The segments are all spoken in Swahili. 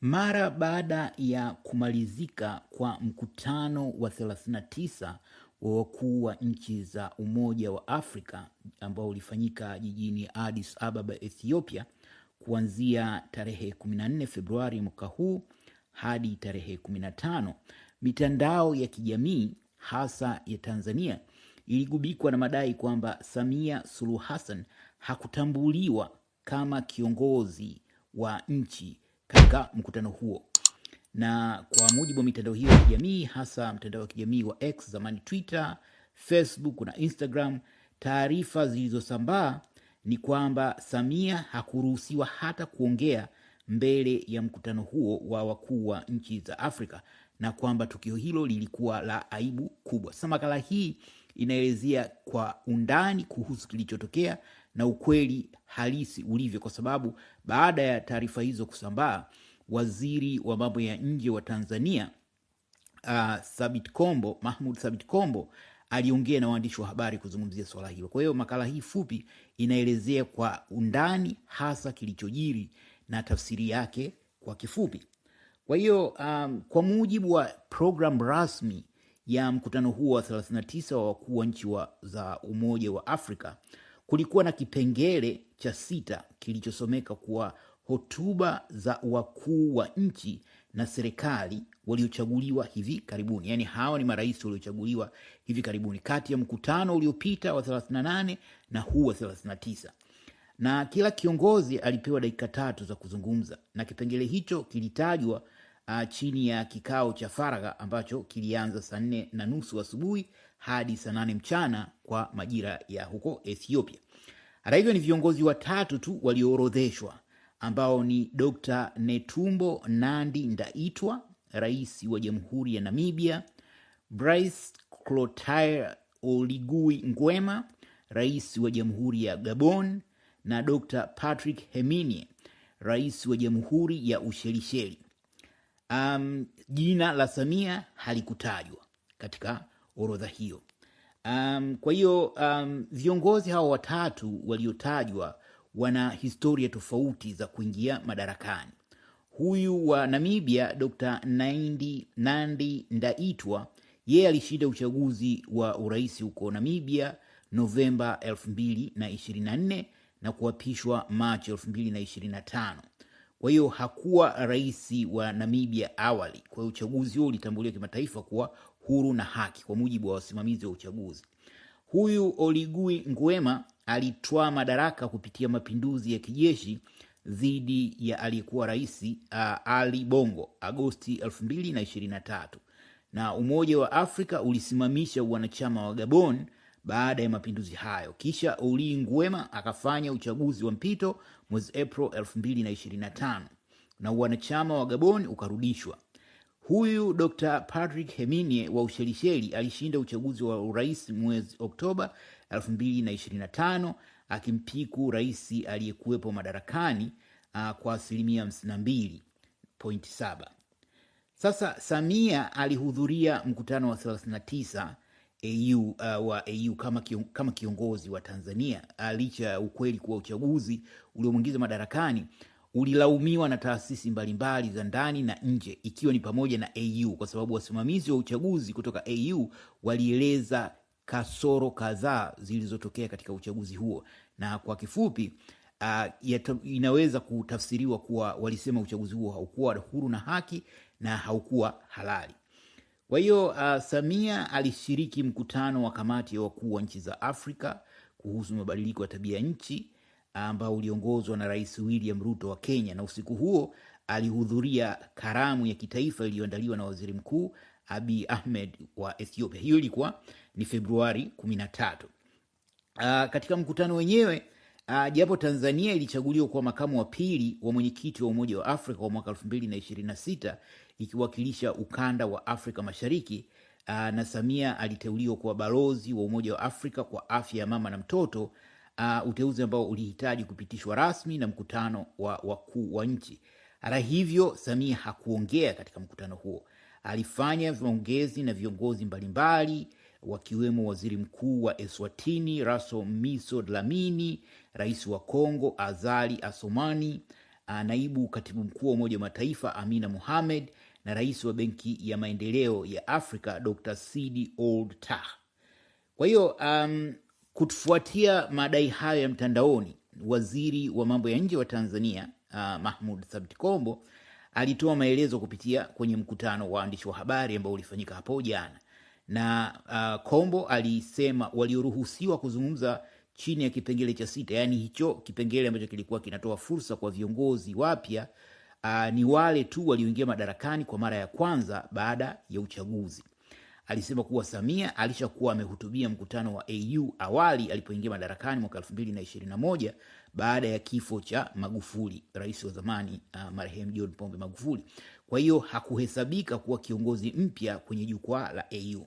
Mara baada ya kumalizika kwa mkutano wa 39 wa wakuu wa nchi za Umoja wa Afrika ambao ulifanyika jijini Addis Ababa, Ethiopia kuanzia tarehe 14 Februari mwaka huu hadi tarehe 15, mitandao ya kijamii hasa ya Tanzania iligubikwa na madai kwamba Samia Suluhu Hassan hakutambuliwa kama kiongozi wa nchi katika mkutano huo, na kwa mujibu wa mitandao hiyo ya kijamii, hasa mtandao wa kijamii wa X zamani Twitter, Facebook na Instagram, taarifa zilizosambaa ni kwamba Samia hakuruhusiwa hata kuongea mbele ya mkutano huo wa wakuu wa nchi za Afrika na kwamba tukio hilo lilikuwa la aibu kubwa. Sasa makala hii inaelezea kwa undani kuhusu kilichotokea na ukweli halisi ulivyo, kwa sababu baada ya taarifa hizo kusambaa, waziri wa mambo ya nje wa Tanzania uh, Sabit Kombo, Mahmud Sabit Kombo aliongea na waandishi wa habari kuzungumzia swala hilo. Kwa hiyo makala hii fupi inaelezea kwa undani hasa kilichojiri na tafsiri yake kwa kifupi. Kwa hiyo um, kwa mujibu wa program rasmi ya mkutano huo wa 39 wa wakuu wa nchi za Umoja wa Afrika kulikuwa na kipengele cha sita kilichosomeka kuwa hotuba za wakuu wa nchi na serikali waliochaguliwa hivi karibuni. Yaani hawa ni marais waliochaguliwa hivi karibuni kati ya mkutano uliopita wa 38 na huu wa 39, na kila kiongozi alipewa dakika tatu za kuzungumza, na kipengele hicho kilitajwa uh, chini ya kikao cha faragha ambacho kilianza saa nne na nusu asubuhi hadi saa mchana kwa majira ya huko Ethiopia. Hata hivyo, ni viongozi watatu tu walioorodheshwa ambao ni Dr. Netumbo Nandi Ndaitwa, rais wa Jamhuri ya Namibia, Brice Clotaire Oligui ngwema rais wa Jamhuri ya Gabon na Dr. Patrick Hemine, rais wa Jamhuri ya Ushelisheli. Um, jina la Samia halikutajwa katika orodha hiyo. Um, kwa hiyo um, viongozi hawa watatu waliotajwa wana historia tofauti za kuingia madarakani. Huyu wa Namibia Dr. Nandi, Nandi Ndaitwa yeye alishinda uchaguzi wa urais huko Namibia Novemba 224 na kuapishwa Machi 225 Kwa hiyo hakuwa rais wa Namibia awali. Kwa hiyo uchaguzi huo ulitambuliwa kimataifa kuwa huru na haki kwa mujibu wa wasimamizi wa uchaguzi. Huyu Oligui Nguema alitwaa madaraka kupitia mapinduzi ya kijeshi dhidi ya aliyekuwa rais uh, Ali Bongo Agosti 2023 na Umoja wa Afrika ulisimamisha wanachama wa Gabon baada ya mapinduzi hayo. Kisha Oligui Nguema akafanya uchaguzi wa mpito mwezi April 2025 na wanachama wa Gabon ukarudishwa. Huyu Dr. Patrick Hemine wa Ushelisheli alishinda uchaguzi wa urais mwezi Oktoba 225 akimpiku rais aliyekuwepo madarakani uh, kwa asilimia 52.7. Sasa Samia alihudhuria mkutano wa 39 AU, uh, wa AU kama, kion, kama kiongozi wa Tanzania ah, licha ya ukweli kuwa uchaguzi uliomwingiza madarakani ulilaumiwa na taasisi mbalimbali za ndani na nje ikiwa ni pamoja na AU kwa sababu wasimamizi wa uchaguzi kutoka AU walieleza kasoro kadhaa zilizotokea katika uchaguzi huo, na kwa kifupi uh, inaweza kutafsiriwa kuwa walisema uchaguzi huo haukuwa huru na haki na haukuwa halali. Kwa hiyo uh, Samia alishiriki mkutano wa kamati ya wakuu wa nchi za Afrika kuhusu mabadiliko ya tabia nchi ambao uliongozwa na Rais William Ruto wa Kenya, na usiku huo alihudhuria karamu ya kitaifa iliyoandaliwa na Waziri Mkuu abi Ahmed wa Ethiopia. Hiyo ilikuwa ni Februari kumi na tatu. Uh, katika mkutano wenyewe uh, japo Tanzania ilichaguliwa kuwa makamu wa pili wa mwenyekiti wa Umoja wa Afrika wa mwaka elfu na ishirini na sita ikiwakilisha ukanda wa Afrika Mashariki uh, na Samia aliteuliwa kuwa balozi wa Umoja wa Afrika kwa afya ya mama na mtoto uh, uteuzi ambao ulihitaji kupitishwa rasmi na mkutano wa wakuu wa nchi. Hata hivyo, Samia hakuongea katika mkutano huo. Alifanya maongezi na viongozi mbalimbali wakiwemo waziri mkuu wa Eswatini Raso Miso Dlamini, rais wa Kongo Azali Asomani, uh, naibu katibu mkuu wa Umoja wa Mataifa Amina Mohamed na rais wa Benki ya Maendeleo ya Afrika Dr. Sidi old Tah. Kwa hiyo um, Kufuatia madai hayo ya mtandaoni, waziri wa mambo ya nje wa Tanzania uh, ah, Mahmud Thabit Kombo alitoa maelezo kupitia kwenye mkutano wa waandishi wa habari ambao ulifanyika hapo jana, na uh, Kombo alisema walioruhusiwa kuzungumza chini ya kipengele cha sita, yaani hicho kipengele ambacho kilikuwa kinatoa fursa kwa viongozi wapya uh, ni wale tu walioingia madarakani kwa mara ya kwanza baada ya uchaguzi alisema kuwa Samia alishakuwa amehutubia mkutano wa AU awali alipoingia madarakani mwaka 2021 baada ya kifo cha Magufuli, rais wa zamani uh, marehemu John Pombe Magufuli. Kwa hiyo hakuhesabika kuwa kiongozi mpya kwenye jukwaa la AU.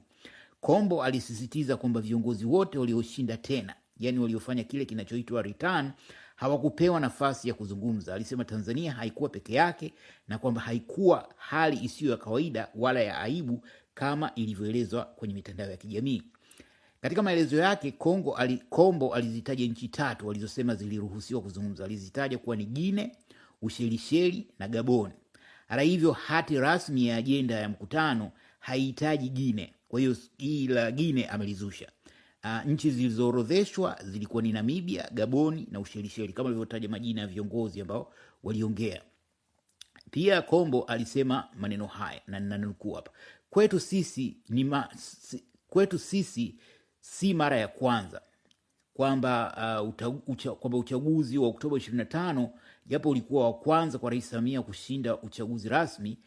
Kombo alisisitiza kwamba viongozi wote walioshinda tena, yani waliofanya kile kinachoitwa return hawakupewa nafasi ya kuzungumza. Alisema Tanzania haikuwa peke yake na kwamba haikuwa hali isiyo ya kawaida wala ya aibu kama ilivyoelezwa kwenye mitandao ya kijamii. Katika maelezo yake Kongo ali, Kombo alizitaja nchi tatu walizosema ziliruhusiwa kuzungumza. Alizitaja kuwa ni Gine, Ushelisheli na Gabon. Hata hivyo, hati rasmi ya ajenda ya mkutano haihitaji Gine, kwa hiyo hii la Gine amelizusha. Uh, nchi zilizoorodheshwa zilikuwa ni Namibia, Gaboni na Ushelisheli, kama alivyotaja majina ya viongozi ambao waliongea. Pia Kombo alisema maneno haya na ninanukuu hapa: Kwetu sisi ni ma, kwetu sisi si mara ya kwanza kwamba uh, ucha, kwamba uchaguzi wa Oktoba 25 japo ulikuwa wa kwanza kwa Rais Samia kushinda uchaguzi rasmi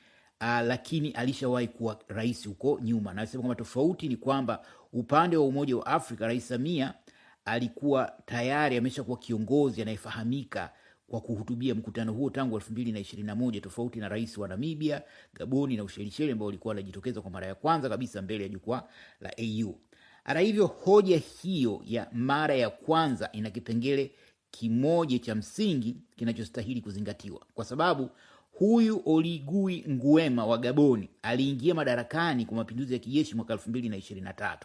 uh, lakini alishawahi kuwa rais huko nyuma, na alisema kwamba tofauti ni kwamba upande wa Umoja wa Afrika Rais Samia alikuwa tayari ameshakuwa kiongozi anayefahamika kwa kuhutubia mkutano huo tangu 2021 tofauti na rais wa Namibia, Gaboni na Ushelisheli ambao alikuwa anajitokeza kwa mara ya kwanza kabisa mbele ya jukwaa la AU. Hata hivyo, hoja hiyo ya mara ya kwanza ina kipengele kimoja cha msingi kinachostahili kuzingatiwa, kwa sababu huyu Oligui Nguema wa Gaboni aliingia madarakani kwa mapinduzi ya kijeshi mwaka 2023.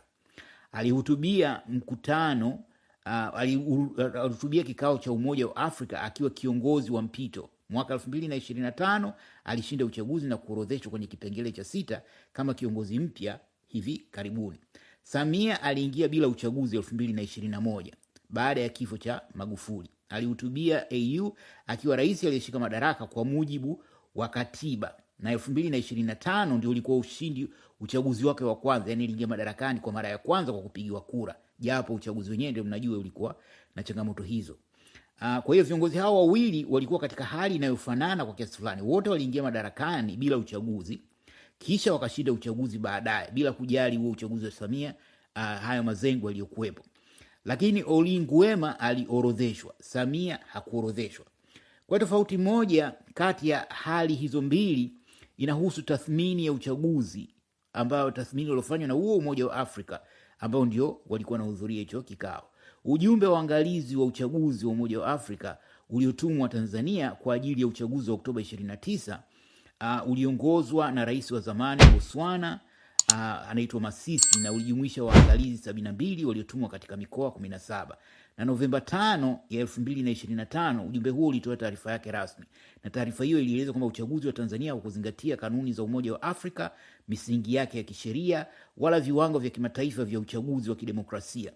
Alihutubia mkutano uh, alihutubia kikao cha Umoja wa Afrika akiwa kiongozi wa mpito mwaka elfu mbili na ishirini na tano. Alishinda uchaguzi na kuorodheshwa kwenye kipengele cha sita kama kiongozi mpya hivi karibuni. Samia aliingia bila uchaguzi elfu mbili na ishirini na moja baada ya kifo cha Magufuli. Alihutubia AU akiwa rais aliyeshika madaraka kwa mujibu wa katiba, na elfu mbili na ishirini na tano ndio ulikuwa ushindi uchaguzi wake wa kwanza, yani aliingia madarakani kwa mara ya kwanza kwa kupigiwa kura japo uchaguzi wenyewe ndio mnajua ulikuwa na changamoto hizo. Uh, kwa hiyo viongozi hao wawili walikuwa katika hali inayofanana kwa kiasi fulani. Wote waliingia madarakani bila uchaguzi, kisha wakashinda uchaguzi baadaye bila kujali huo uchaguzi wa Samia, uh, hayo mazengo yaliyokuwepo. Lakini olinguema aliorodheshwa, Samia hakuorodheshwa. Kwa tofauti moja kati ya hali hizo mbili inahusu tathmini ya uchaguzi ambayo tathmini iliyofanywa na huo Umoja wa Afrika ambao ndio walikuwa wanahudhuria hicho kikao. Ujumbe wa angalizi wa uchaguzi wa Umoja wa Afrika uliotumwa Tanzania kwa ajili ya uchaguzi wa Oktoba 29 uh, uliongozwa na rais wa zamani wa Botswana uh, anaitwa Masisi na ulijumuisha waangalizi sabini na mbili waliotumwa katika mikoa kumi na saba na Novemba tano ya elfu mbili na ishirini na tano ujumbe huo ulitoa taarifa yake rasmi, na taarifa hiyo ilieleza kwamba uchaguzi wa Tanzania kwa kuzingatia kanuni za Umoja wa Afrika, misingi yake ya kisheria, wala viwango vya kimataifa vya uchaguzi wa kidemokrasia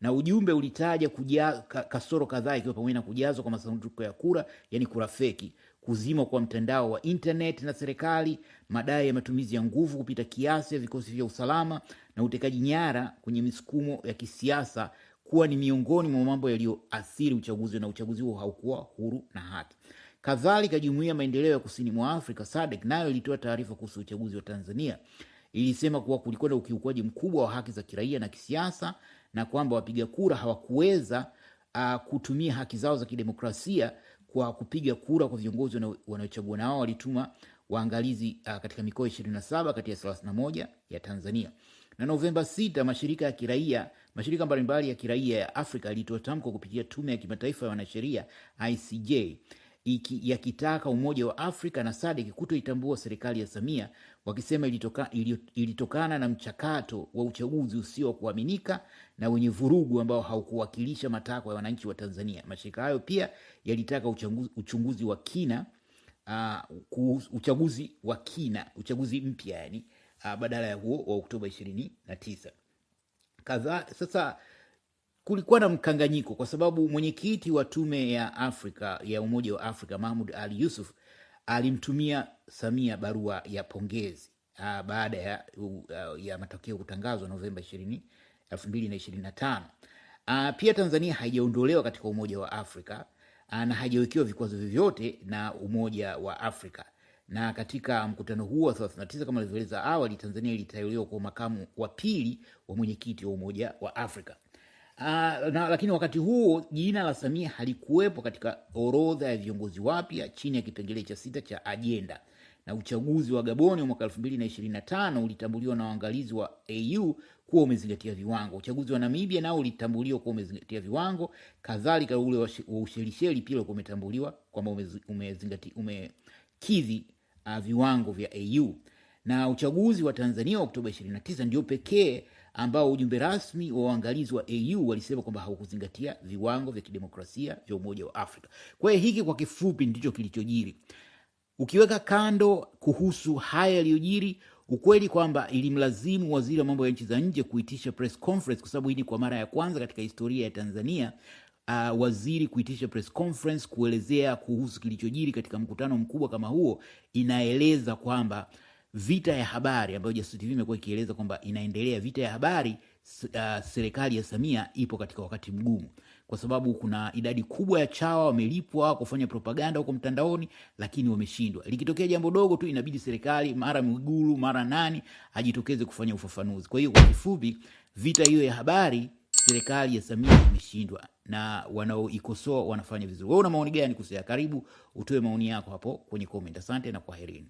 na ujumbe ulitaja kuja, kasoro kadhaa ikiwa pamoja na kujazwa kwa masanduku ya kura, yani kura feki, kuzimwa kwa mtandao wa internet na serikali, madai ya matumizi ya nguvu kupita kiasi ya vikosi vya usalama na utekaji nyara kwenye misukumo ya kisiasa kuwa ni miongoni mwa mambo yaliyoathiri uchaguzi na uchaguzi huo haukuwa huru na haki. Kadhalika, jumuia maendeleo ya kusini mwa Afrika sadek nayo ilitoa taarifa kuhusu uchaguzi wa Tanzania. Ilisema kuwa kulikuwa na ukiukwaji mkubwa wa haki za kiraia na kisiasa na kwamba wapiga kura hawakuweza uh, kutumia haki zao za kidemokrasia kwa kupiga kura kwa viongozi wanaochagua nao walituma waangalizi uh, katika mikoa ishirini na saba kati ya thelathini na moja ya Tanzania. Na Novemba sita, mashirika ya kiraia mashirika mbalimbali ya kiraia ya Afrika yalitoa tamko kupitia tume ya kimataifa ya wanasheria ICJ yakitaka Umoja wa Afrika na sadek kutoitambua serikali ya Samia, wakisema ilitoka, ilitokana na mchakato wa uchaguzi usio wa kuaminika na wenye vurugu ambao haukuwakilisha matakwa ya wananchi wa Tanzania. Mashirika hayo pia yalitaka uchunguzi wa kina uh, uchaguzi wa kina, uchaguzi mpya yani, uh, badala ya huo wa Oktoba ishirini na tisa kadhaa sasa kulikuwa na mkanganyiko kwa sababu mwenyekiti wa tume ya Afrika ya Umoja wa Afrika Mahmud Ali Yusuf alimtumia Samia barua ya pongezi a, ah, baada ya, uh, ya matokeo kutangazwa Novemba 20, ah, pia Tanzania haijaondolewa katika Umoja wa Afrika a, ah, na haijawekewa vikwazo vyovyote na Umoja wa Afrika na katika mkutano huo wa 39 kama alivyoeleza awali, Tanzania iliteuliwa kwa makamu wa pili wa mwenyekiti wa Umoja wa Afrika. Uh, na lakini wakati huo jina la Samia halikuwepo katika orodha ya viongozi wapya chini ya kipengele cha sita cha ajenda. Na uchaguzi wa Gaboni wa mwaka 2025 ulitambuliwa na waangalizi wa AU kuwa umezingatia viwango. Uchaguzi wa Namibia nao ulitambuliwa kuwa umezingatia viwango, kadhalika ule wa Ushelisheli pia ulikuwa umetambuliwa kwamba umezingatia umekidhi uh, viwango vya AU. Na uchaguzi wa Tanzania wa Oktoba 29 ndio pekee ambao ujumbe rasmi wa waangalizi wa AU walisema kwamba haukuzingatia viwango vya kidemokrasia vya Umoja wa Afrika. Kwa hiyo hiki kwa kifupi ndicho kilichojiri, ukiweka kando kuhusu haya yaliyojiri ukweli kwamba ilimlazimu waziri wa mambo ya nchi za nje kuitisha press conference, kwa sababu hii ni kwa mara ya kwanza katika historia ya Tanzania uh, waziri kuitisha press conference kuelezea kuhusu kilichojiri katika mkutano mkubwa kama huo, inaeleza kwamba vita ya habari ambayo Jasusi TV imekuwa ikieleza kwamba inaendelea vita ya habari. Uh, serikali ya Samia ipo katika wakati mgumu kwa sababu kuna idadi kubwa ya chawa wamelipwa kufanya propaganda huko mtandaoni, lakini wameshindwa. Likitokea jambo dogo tu inabidi serikali mara Mwigulu mara nani ajitokeze kufanya ufafanuzi. Kwa hiyo kwa kifupi, vita hiyo ya habari serikali ya Samia imeshindwa na wanaoikosoa wanafanya vizuri. Wewe una maoni gani kuhusu? Karibu utoe maoni yako hapo kwenye comment. Asante na kwaherini.